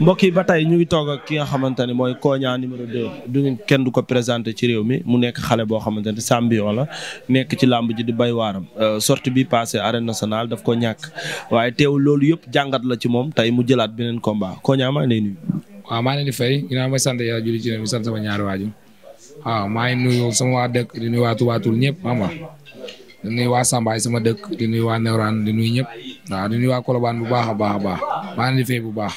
mbokk yi ba tey ñu ngi toog ak ki nga xamante ne mooy Kogna numéro 2 kenn du ko présenté ci réew mi mu nekk xale boo xamante ne champion wala nekk ci làmb ji di bay waaram euh, sortie bi passé arène nationale daf ko ñàkk waaye teewul loolu yëpp jàngat la ci moom tey mu jëlaat beneen combat Kogna maa ngi lay nuyu. ngi fay ginnaaw ma sant yàlla julli ci leen mi sant sama ñaari waajur maa ngi nuyu sama waa dëkk di nuyu ñëpp xam nga di nuyu waa Sambaay sama dëkk di nuyu waa Newraan di nuyu ñëpp waaw di nuyu waa Colobane bu baax a baax a baax maa ngi leen di bu baax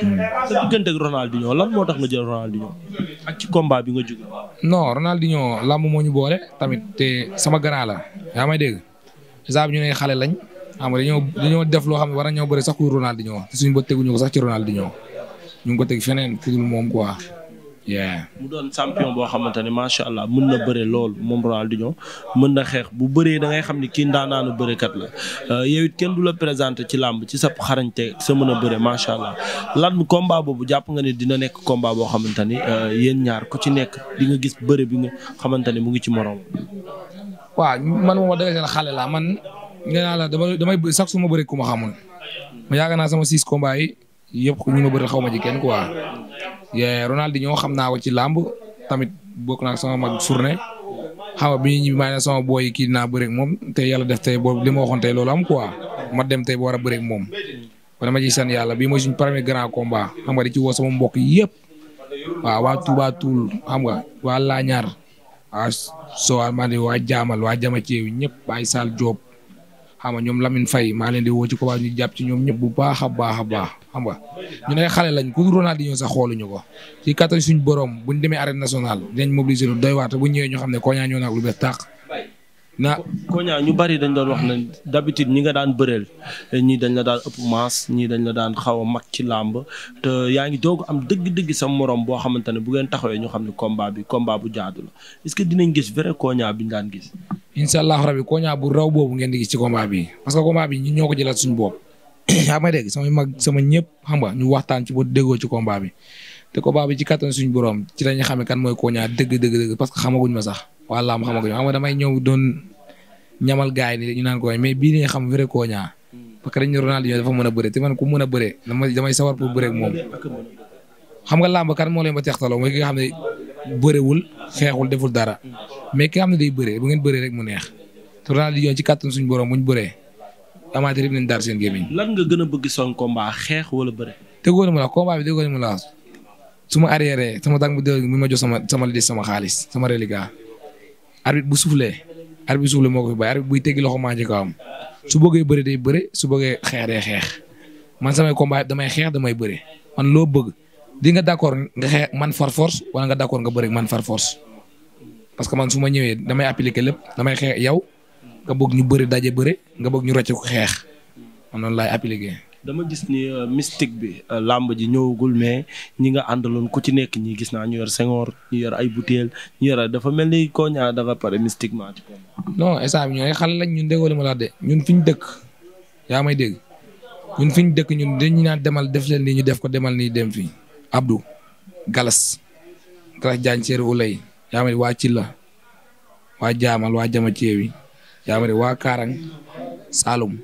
Hmm. sa diggante ak Ronaldinho lan moo tax nga jël Ronaldinho ak ci combat bi nga jóge. non Ronaldinho làmb moo ñu boole tamit te sama grand la yaa may dégg saa bi ñu ne xale lañ am nga dañoo dañoo def loo xam ne war nañoo bëri sax ku Ronaldinho te suñu bët teguñu ko sax ci Ronaldinho ñu ngi ko teg feneen ku moom quoi. mu doon champion boo xamante ne macha allah mën na bëre lool moom Ronaldinho mën na xeex bu bëree da ngay xam ne kii ndaanaanu bërekat la euh, yow it kenn du la présenté ci làmb ci sa xarañte sa mën a bëre macha allah lan combat boobu jàpp nga ne dina nekk combat boo xamante ni euh, yéen ñaar ku ci nekk di nga gis bëre bi nga xamante ni mu ngi ci moroom. waaw man moom wax dëgg xale la man nee naa la damay sax su ma bëre ku ma xamul ma yaakaar naa sama six combats yëpp ñu ma bëri xaw ma ci kenn quoi. yee Ronaldinho xam naa ko ci làmb tamit bokk naa sama mag journée xam nga bi ñu ñibbi maa ne sama booy kii dinaa bëreeg moom te yàlla def tey boobu li ma waxoon tey loolu am quoi ma dem tey ba war a bëreeg moom. kon dama ciy sant yàlla bii mooy suñ premier grand combat xam nga di ci woo sama mbokk yëpp waaw waa Touba Toul xam nga wa Laañar waa Soal maa wa waa Jaamal waa Jama Ceew ñëpp Baye Sall xam nga ñoom Lamine Faye maa leen di woo ci ko ñu jàpp ci ñoom ñëpp bu baax a baax a baax xam nga ñu ne xale lañ ku Ronaldinho sax xooluñu ko ci kattan suñ borom buñ demee arène nationale dinañ mobiliser lu doy waate bu ñëwee ñu xam ne Konia ñoo naag lu bees tàq na Konia ñu bari dañ doon wax na d'habitude ñi nga daan bëreel ñii dañ la daan ëpp maas ñii dañ la daan xaw a mag ci làmb te yaa ngi doog am dëgg-dëgg sa morom boo xamante ne bu ngeen taxawee ñu xam ne combat bi combat bu jaadu la est-ce que dinañ gis vrai Konia bi ñu daan gis. incha allahu rabi Konia bu raw boobu ngeen di gis ci combat bi parce que combat bi ñun ñoo ko jëlaat suñu bopp. yaa may sama ñëpp xam nga ñu waxtaan ci ba déggoo ci combat bi te combat bi ci kattan suñu borom ci la ñu xamee kan mooy Konia dëgg dëgg dëgg parce que xamaguñ ma sax walla ma xamaguñ ma xam nga damay ñëw doon ñamal gaay yi ñu naan ko mais bii dañuy xam vrai parce que dañ ne Ronaldinho dafa mën a bëre te man ku mën damay damay sawar xam nga làmb ba textaloo mooy ki nga xam ne bërewul xeexul deful mais ki nga xam ne day bëree bu ngeen bëree rek mu neex Ronaldinho ci kàttan suñu boro bu ñu bëree amateur yëpp nañ daar seen gémmiñ. lan nga gën a bëgg son combat xeex wala bëre. te ni ma la combat bi ma la su ma arrière sama tànk bu dégg mu ma jox sama sama li sama xaalis sama reliquat. arbitre bu soufflé arbitre bu moo ko fi bàyyi buy teggi loxo maa njëkk am su bëggee bëre day bëre su bëggee xeex day xeex man samay combat damay xeex damay bëre man loo bëgg di nga d'accord nga xeex man far force wala nga d'accord nga bëre man far force parce que man su ma ñëwee damay appliquer lépp damay xeex yow nga bëgg ñu bëri daje bëri nga bëgg ñu rocce ko xeex man noonu laay appliquer. dama gis ni euh, mystique bi euh, làmb ji ñëwagul mais ñi nga àndaloon ku ci nekk ñi gis naa ñu yor sengoor ñu yor ay butéel ñu yor dafa mel ni Kogna dafa pare mystiquement ci non instant lañ ñun déggoo ma ñun fi ñu dëkk yaa may dégg ñun dëkk ñun dañu naan demal def leen nii ñu def ko demal nii dem fii Abdou Galas Galas Diagne Seydou Oulaye yaa ma ne waa Cilla waa Jaamal waa Jama Ceewi yaa ma ne waa Kaarang Saalum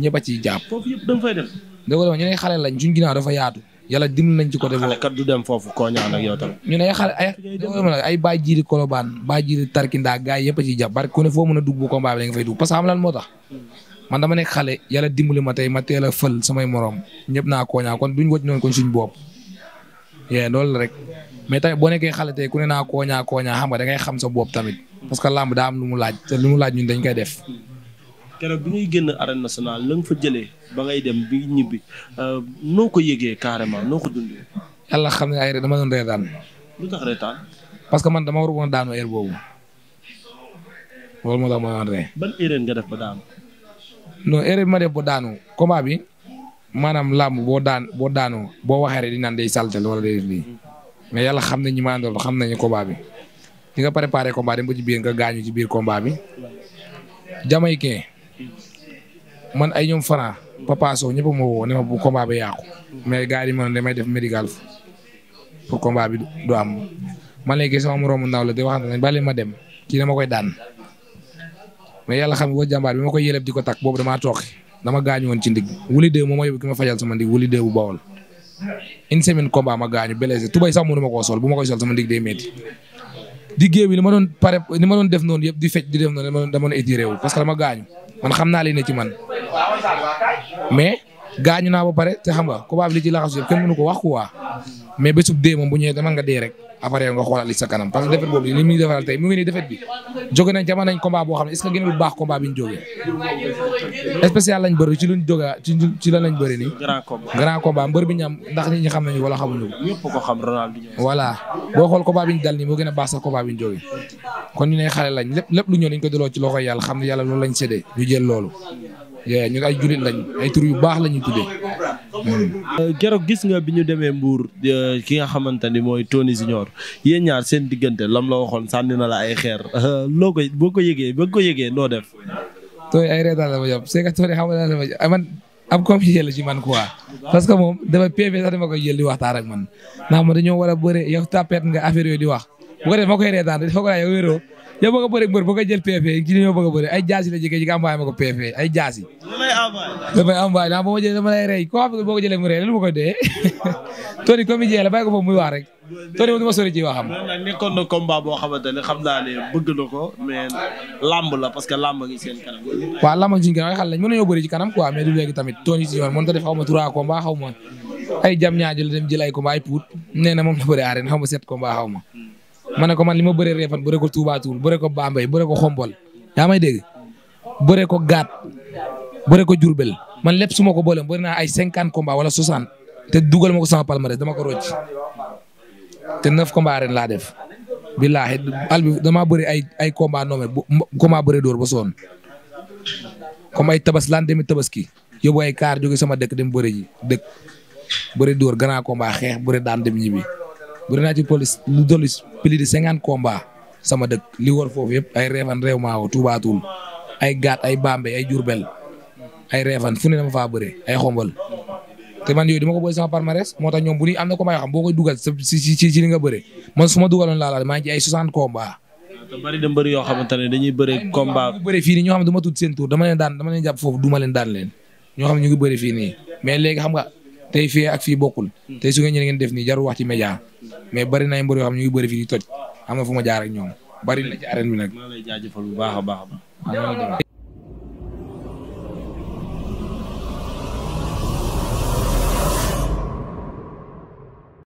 ñëpp a ciy jàpp. foofu da nga fay dem. dëgg xale lañ suñ ginnaaw dafa yaatu. yàlla dimbali nañ ci côté boobu du dem foofu koo ñaan ak yow tam. ñu ne ay baa jiiri jiiri kolobaan baay jiiri tarkindaa gars yi yëpp a ciy jàpp parce foo mën a dugg bu combat bi da nga fay dugg parce que lan moo tax. man dama nekk xale yala dimbali ma tey ma a fël samay morom ñëpp naa koo ñaan kon duñ wëcc noonu kon suñ bopp. yee loolu rek mais tamit boo nekkee xale tey ku ne naa kooñaa kooñaa xam nga da ngay xam sa bopp tamit. parce que lamb daa am lu mu laaj te lu mu laaj ñun dañ koy def. keroog bi ngay génn arène nationale la nga fa jëlee ba ngay dem bi ñibbi euh, noo ko yëgee carrément noo ko xam ne ay dama doon reetaan. lu tax parce que man dama war woon daanu heure boobu loolu moo tax ma def ba daanu. non erreur bi ma def ba daanu combat bi maanaam làmb boo daan boo daanoo boo waxee rek di naan day saltel wala day def lii. mais yàlla xam nañ ñi ma xam nañu combat bi li nga préparé combat dem ba ci biir nga gaañu ci biir combat bi. Jamaïcain man ay ñoom Franc Papa Sow ñëpp woo ne ma bu combat bi yàqu. mais gars yi ma ne damay def médical pour combat bi du am man léegi sama moroomu ndaw la te waxante ne bàyyi ma dem kii dama koy daan mais yàlla xam ne boo jàmbaar bi ma koy yëleb di ko takk boobu damaa toog dama gaañu woon ci ndig wuli déew moom ma yóbbu ki ma fajal sama ndig wuli déew bu bawol une semaine combat ma gaañu blessé tubay sax mënu ma koo sol bu ma koy sol sama ndig day métti di géew bi ni ma doon pare ni ma doon def noonu yëpp di fecc di def noonu dama doon étiré wu parce que dama gaañu man xam naa li ne ci man gaañu naa ba pare te xam nga combat bi li ci laxasu ko wax quoi mais bésub dee moom bu ñëwee dama nga dee rek après nga xoolal li sa kanam parce que defet boobu li mu ngi defet bi jóge nañ jamono nañ combat boo xam ne est ce que gën bu baax combat bi ñu jógee spécial lañ bëri ci luñ jógee ci ci grand combat mbër bi ñu am ndax nit ñi xam nañ wala xamuñu ko ñëpp xam Ronaldo voilà boo xool combat bi ñu dal nii moo gën a baax sax bi ñu jógee kon ñu ne xale lañ lépp lu ñëw dañ ko delloo ci loxo yàlla xam ne yàlla loolu lañ séddee ñu jël loolu yee ñu ngi ay jullit lañ ay tur yu baax la ñu tuddee. Euh, gis nga bi ñu demee Mbour euh, ki nga xamante ni mooy Tony Junior yéen ñaar seen diggante lam la waxoon sànni na la ay xeer euh, loo koy boo ko yëgee boo ko yëgee noo def. Tony ay reetaan la ma jàpp c'est que Tony xam nga la ma jàpp man am compétition la ci man quoi parce que moom dama PV sax dama koy jël di waxtaan ak man ndax man dañoo war a bëre yow tapet nga affaire yooyu di wax bu ko ma koy reetaan dafa ko laaj yow wéroo yow ba nga bëri jël PV ci dañoo bëgg a bëri ay jaasi la jege ji nga envoyé ma ay jaasi. damay envoyé naa ba dama lay rey koo xam ne boo ko jëlee mu rey lu ma la bàyyi ko muy wax rek Tony moom du ma sori ci boo xamante ne xam naa ne bëgg ko mais la parce que lamb ngi seen kanam. waaw lamb ngi seen kanam ci kanam quoi léegi tamit Tony si yoon mën ta def xaw ma trois combat xaw ma ay jam ay combat nee na moom la bëri arène xaw ma sept combat ma ne ko man li ma bëree Réfane bëree ko Touba Toul bëree ko bambay bëree ko Xombol yaa may dégg bëree ko Gaat bëree ko Diourbel man lépp su ko booleem bëri naa ay cinquante combats wala soixante te dugal ma ko sama palmarès dama ko rocc te neuf combats ren laa def. billaahi al bi damaa bëri ay ay combats nommé bu combat bëri dóor ba soon comme ay tabas lan tabaski yóbbu ay kar jóge sama dëkk dem bëri ji dëkk bëri dóor gannaaw combat xeex bëri daan dem bëri naa ci police lu dolli plus de cinquante combats sama dëkk li war foofu yëpp ay reefan réew maaw Touba Toul ay gaat ay Bambe ay Diourbel ay reefan fu ne faa bëree ay xombal te man yooyu dama ko sama palmarès moo tax ñoom bu ñuy am na combat yoo xam boo koy dugal si si ci li nga bëree man su ma dugaloon laalaale maa ngi ci ay soixante combats. te bëri na mbëri yoo xamante ne dañuy bëree combat. dañuy bëree fii nii ñoo xam ne du ma tudd seen tur dama leen daan dama leen jàpp foofu du ma leen daan leen ñoo tey fii ak fii bokkul hmm. tey su ngeen ñëwee ngeen def nii jarul wax ci média hmm. mais bari xam ñu ngi bëri fii toj am fu ma jaar ak ñoom bari na ci arène bi nag. bu baax a baax